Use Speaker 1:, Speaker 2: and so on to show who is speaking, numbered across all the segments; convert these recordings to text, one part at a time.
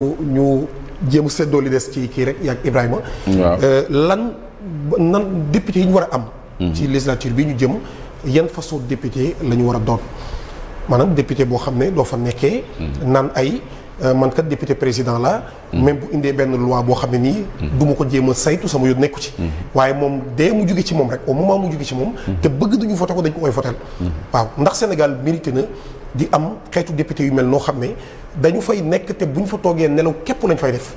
Speaker 1: ñu jéem seddoo li des ci kii rek yaag Ibrahima euh, lan nan député yi war a am mhm. ci législature bi ñu jëm yan façon député la ñu war a doon maanaam député boo xam ne doo fa nekkee mhm. naan ay euh, man kat député président la mhm. même bu indee benn loi boo xam ne nii du ma ko jéem a saytu sama yoon nekku ci waaye moom dee mu jóge ci moom rek au moment mu jóge ci moom te bëgg duñu voté ko dañ ko koy voté waaw ndax Sénégal mérité na di am xeetu député yu mel noo xam ne dañu fay nekk te bu ñu fa toogee nelaw képp lañ fay def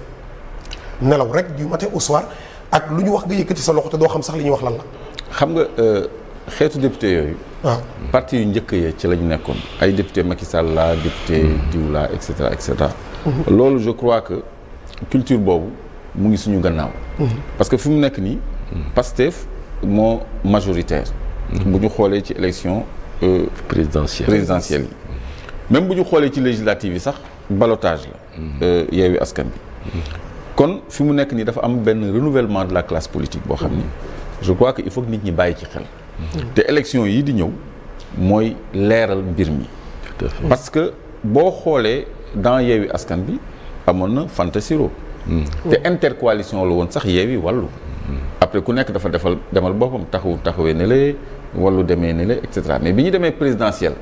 Speaker 1: nelaw rek du matin au soir ak lu ñu wax nga yëkkati sa loxo te doo xam sax li ñuy wax lan la.
Speaker 2: xam nga euh, xeetu député yooyu. waaw parti yu njëkk yee ci la ñu nekkoon ay député Macky Sall la député hmm. diw et cetera et cetera. Hmm. loolu je crois que culture boobu mu ngi suñu gannaaw. Hmm. parce que fi mu nekk nii. Pastef moo majoritaire. bu ñu xoolee ci élection. présidentielle présidentielle yi même bu ñu xoolee ci législative yi sax ballottage la mm-hmm. euh, yeewi askan bi mm-hmm. kon fi mu nekk nii dafa am benn renouvellement de la classe politique boo xam ni mm-hmm. je crois que il faut que nit ñi bàyyi ci xel te élection yi di ñëw mooy leeral mbir mi parce que boo xoolee dans yeewi askan bi amoon na Fanta Siro te intercoalition la woon sax yeewi wàllu après ku nekk dafa defal demal boppam taxawu taxawee ne lee wallu demee ne la et cetera mais bi ñu demee présidentielle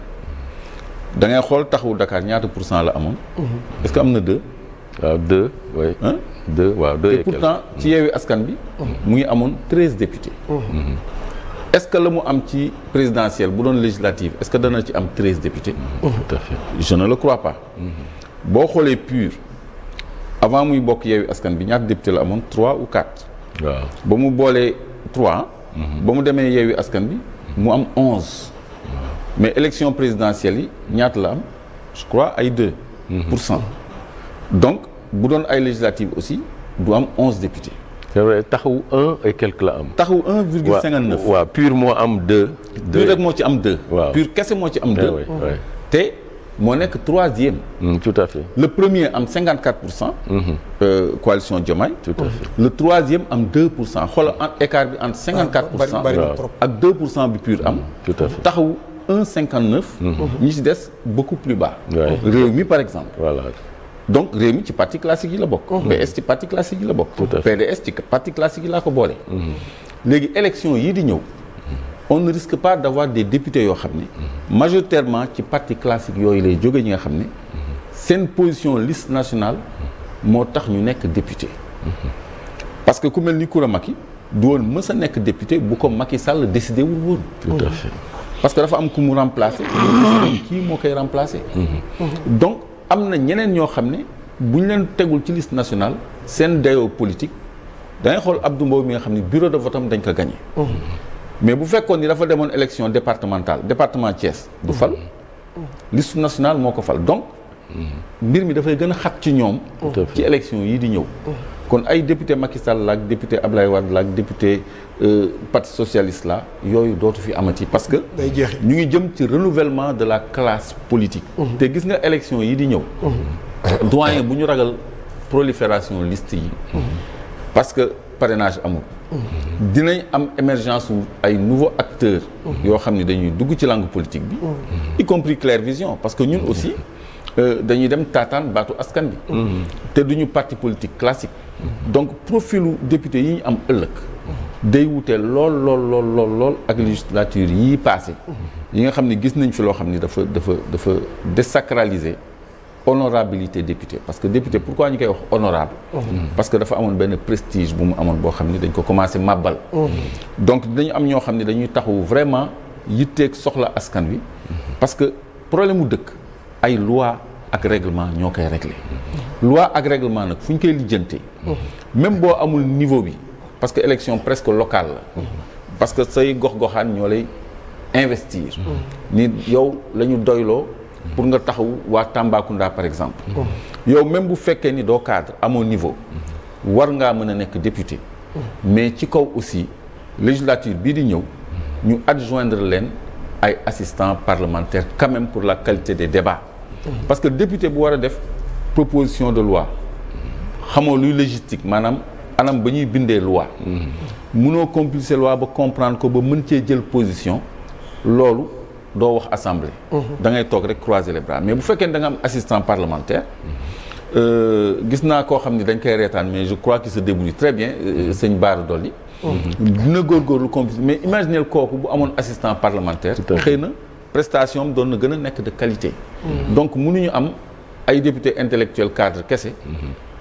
Speaker 2: da ngay xool taxawu Dakar ñaata pour cent la amoon. Mhm. est-ce que am na deux. waaw deux pourtant ci mhm. yeewi askan bi. Mhm. mu ngi amoon treize députés. est-ce que la mu am ci présidentielle bu doon législative est-ce que dana ci am treize députés. tout à fait je le crois pas. boo xoolee pur avant muy bokk yeewi askan bi ñaata député la amoon trois ou quatre. ba mu boolee trois. ba mu demee yeewi askan bi. mu am onze mais élection présidentielle yi ñaata la am je crois ay deux mhm. pour cent donc bu doon ay législative aussi du am onze députés c'est vrai taxawu un et quelque la am taxawu un moo am deux pur rek moo ci am deux pur kese moo ci am eh deux te moo nekk troisième. Mm, tout à fait le premier am 54 pour cent. Mm-hmm. Euh, coalition Diomaye. tout à fait le troisième am 2 pour cent xoolal écart bi entre 54 pour cent ah, ak 2 pour cent bi pur am. Mm, tout à taxawu 1,59. Mm-hmm. ñi ci des beaucoup plus bas. réew mi par exemple. voilà donc réew mi ci parti classique yi la bokk. Mm-hmm. PS ci parti classique yi la bokk. PDS ci parti classique yi laa ko boole. léegi élection yii di ñëw. on ne risque pas d'avoir des députés yoo xam ne mhm. majoritairement ci parti classique yooyu lay jóge ñi nga xam ne mhm. seen position liste nationale mhm. moo tax ñu nekk député parce que ku mel ni Koura Macky du woon mës a nekk député bu ko yi Sall décidé wul woon mmh. parce que dafa am ku mu remplacer mmh. kii moo koy remplacer mmh. donc am na ñeneen ñoo xam ne bu ñu leen tegul ci liste national seen dayoo politique dangay xool Abdou Mbow mi nga xam ne bureau de vote dañ ko gagné mais bu fekkoon ni dafa demoon élection départementale département Thiès du fal mm-hmm. liste national moo ko fal donc mm-hmm. mbir mi dafay gën a xat ci ñoom ci élection yi di ñëw mm-hmm. kon ay député Macky Sall la ak député Ablaye Wade la ak député euh, parti socialiste la yooyu dootu fi amat amati parce que ñu ngi jëm ci renouvellement de la classe politique te gis nga élection yi di ñëw doyen bu ñu ragal prolifération liste yi parce que parrainage amul dinañ am émergence wu ay nouveaux acteurs yoo xam ne dañuy dugg ci langue politique bi y compris Claire Vision parce que ñun aussi euh, dañuy dem taataan baatu askan bi te duñu parti politique classique donc profilu député yi ñu am ëllëg day wute lool lool lool lool lool ak législature yii passé yi nga xam ne gis nañ fi loo xam ne dafa dafa dafa désacraliser honorabilité député parce que député pourquoi ñu koy wax honorable mm-hmm. parce que dafa amoon benn prestige bu mu amoon boo xam ne dañ ko commencé màbbal mm-hmm. donc dañu am ñoo xam ne dañuy taxaw vraiment yitteeg soxla askan wi mm-hmm. parce que problème mu dëkk ay loi ak règlement ñoo koy réglé loi ak règlement nag fu ñu koy lijjante même boo amul niveau bi parce que élection presque locale la parce que say gox-goxaan ñoo lay investir ni yow la doyloo pour nga taxaw waa Tambacounda par exemple yow même bu fekkee ni doo cadre amoo niveau war ngaa mën a nekk député mais ci kaw aussi législature bii di ñëw ñu adjoindre leen ay assistants parlementaires quand même pour la qualité des débat parce que député bu war a def proposition de loi xamoo luy logistique maanaam anam ba ñuy bindee loi mm-hmm. mënoo compulser loi ba comprendre ko ba mën cee jël position loolu doo wax assemblée. Mhm. da ngay toog rek croiser les bras mais bu fekkee ne da nga am assistant parlementaire. Euh, gis naa koo xam ne dañ koy reetaan mais je crois qu'il se débrouille très bien euh, mhm. sëñ Bara Dolly. dina mhm. góorgóorlu comme mais imaginez kooku bu amoon assistant parlementaire. xëy na prestation am doon na gën a nekk de qualité. donc mënuñu am ay député intellectuel cadre kese.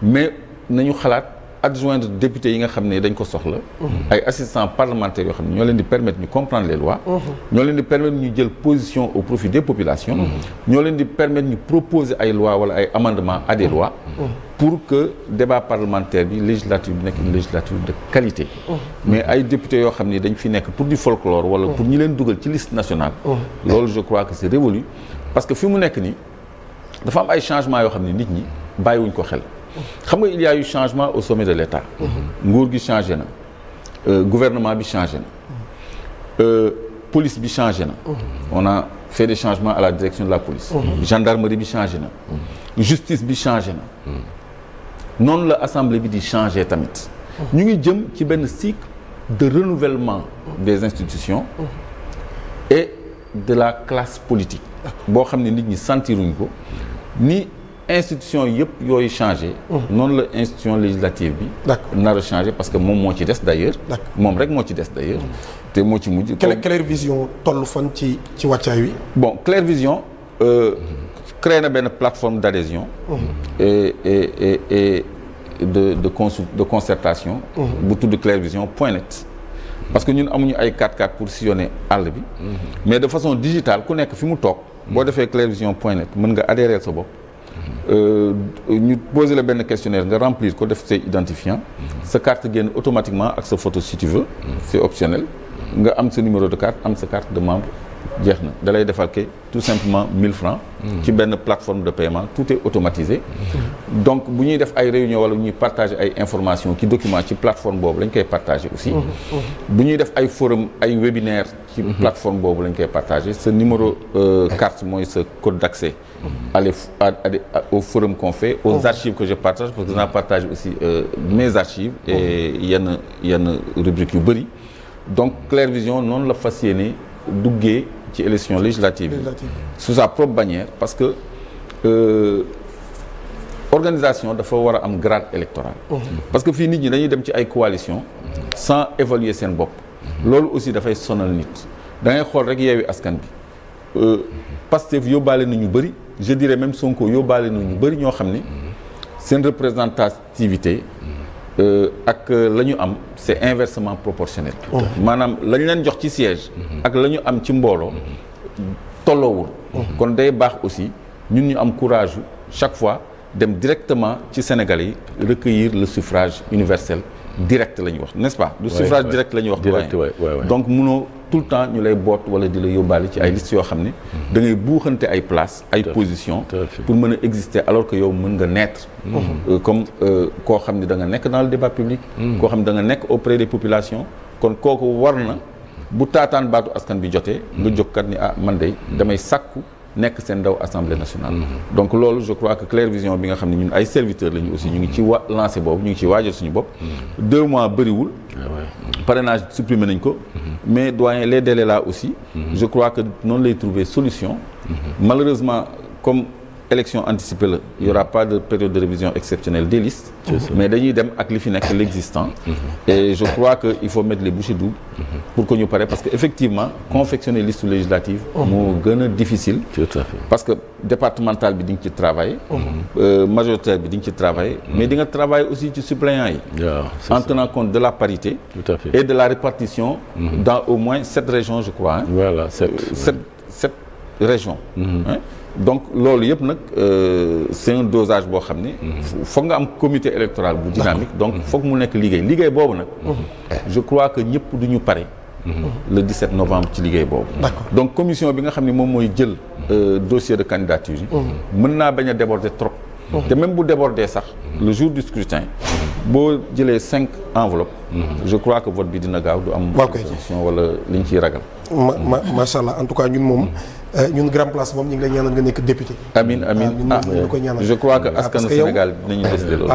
Speaker 2: mais nañu xalaat. adjoint député yi nga xam ne dañ ko soxla. ay assistants parlementaires yoo xam ne ñoo leen di permettre ñu comprendre les lois. ñoo leen di permettre ñu jël position au profit des populations. ñoo leen di permettre ñu proposer ay lois wala ay amendements à des lois. pour que débat parlementaire bi législature bi nekk une législature de qualité. mais ay député yoo xam ne dañ fi nekk pour du folklore wala pour ñi leen dugal ci liste nationale. loolu je crois que c'est révolu parce que fi mu nekk nii dafa am ay changements yoo xam ne nit ñi bàyyiwuñ ko xel. xam nga il y a eu changement au sommet de l'État nguur gi changé na euh, gouvernement bi changé na euh, police bi changé na on a fait des changements à la direction de la police gendarmerie bi changé na justice bi changé na noonu la assemblée bi di changé tamit ñu ngi jëm ci benn cycle de renouvellement des institutions et de la classe politique boo xam ne nit ñi sentiruñ ko institution yëpp yooyu changé. Mmh. noonu la institution législative bi. nar a parce que moom moo ci des d' ailleurs. moom rek moo ci des d' mmh. te moo ci mujj. quelle claire
Speaker 1: vision tollu fan ci ci wàccaay wi.
Speaker 2: bon claire vision euh, mmh. créé na benn plateforme d' adhésion. et de de de concertation. bu tudd claire vision point net. parce que ñun amuñu ay 4x4 pour sillonner àll bi. mais de façon digital ku nekk fi mu toog. boo defee claire vision point net mën nga adhérer sa bopp. Euh, ñu poser la benn questionnaire nga remplir ko def say identifiant mm-hmm. sa carte génn automatiquement ak sa photo si tu veux mm-hmm. optionnel nga am sa numéro de carte am sa carte de membre jeex na da lay défalquer tout simplement 1000 francs hmm. ci benn plateforme de paiement tout est automatisé
Speaker 1: hmm.
Speaker 2: donc bu ñuy def ay réunion wala ñuy partager ay information ci document ci plateforme boobu lañ koy partager aussi hmm. bu ñuy def ay forum ay webinaire ci plateforme boobu lañ koy partager sa numéro euh, carte mooy sa code d'accès aller au forum qu'on fait aux oh. archives que je partage parce partage aussi euh, mes archives oh. yenn yenn rubrique yu bëri donc Claire noonu la fas yéene duggee ci élection législative su sa propre bannière parce que euh, organisation dafa war a am grade électoral oh. parce que fii nit ñi dañuy dem ci ay coalition sans évaluer seen bopp loolu aussi dafay sonal nit da xool rek yeewi askan bi euh, Pastef yóbbaale na ñu bëri je dirais même Sonko yóbbaale na ñu bëri ñoo xam ne seen représentativité Euh, ak euh, la ñu am c'est inversement proportionnel oh. maanaam lañ leen jox ci siège mhm. ak la ñu am ci mbooloo mhm. tolloowul mhm. kon day baax aussi ñun ñu am courage chaque fois dem directement ci Sénégalais yi recueillir le suffrage universel direct la ñu wax n'est-ce pas du suffrage direct la ñuy wax doyen donc munoo tout le temps ñu lay boot wala di la yóbbaale ci ay mm-hmm. liste yoo xam ne mm-hmm. dangay ngay buuxante ay place ay position pour mën a exister alors que yow mën nga naître mm-hmm. euh, comme euh, koo xam ne da nekk dans le débat public koo xam ne da nga nekk auprès des populations kon kooku war na bu taataan baatu askan bi jote nga jóg kat ni ah man de damay sàkku nekk seen ndaw assemblée nationale. Mm-hmm. donc loolu je crois que Claire Vision bi nga xam ne ñun ay serviteurs lañu aussi ñu ngi ci wa lancé boobu ñu ngi ci waajal suñu bopp. Mm-hmm. deux mois bëriwul. Ah mm-hmm. parrainage supprimé nañ ko. mais doyen les délais là aussi. je crois que noonu lay trouver solution. malheureusement comme. élection anticipée la il y aura pas de période de révision exceptionnelle des listes mais dañuy dem ak li fi l'existant mhm. et je crois que il faut mettre les bouchées doubles mhm. que ñu pare parce que effectivement confectionner liste législative oh. moo gën a difficile parce que départemental bi di nga ci oh. euh, majoritaire bi di nga ci travailler mm. mais di nga travailler aussi ci suppléants yi en tenant compte de la parité et de la répartition mm-hmm. dans au moins sept région mhm. donc loolu yëpp nag euh, c'est un dosage boo xam ne mhm. foog nga am commité électoral bu dynamique donc mhm. foog mu nekk liggéey liggéey boobu nag je crois que ñëpp du ñu pare le 17 novembre ci liggéey boobu donc commission bi nga xam ne moom mooy jël euh, dossier de candidature yi mën naa bañ a déborder trop te même bu déborder sax le jour du scrutin boo jëlee cinq enveloppes je crois que vote bi dina gaaw du am solution wala ñu ciy ragal ma ma macha
Speaker 1: allah en tout cas moom Euh, ñun grand place moom
Speaker 2: ñu ngi lay ñaanal nga nekk député. amiin amiin ah, ah je crois que askanu Sénégal dinañu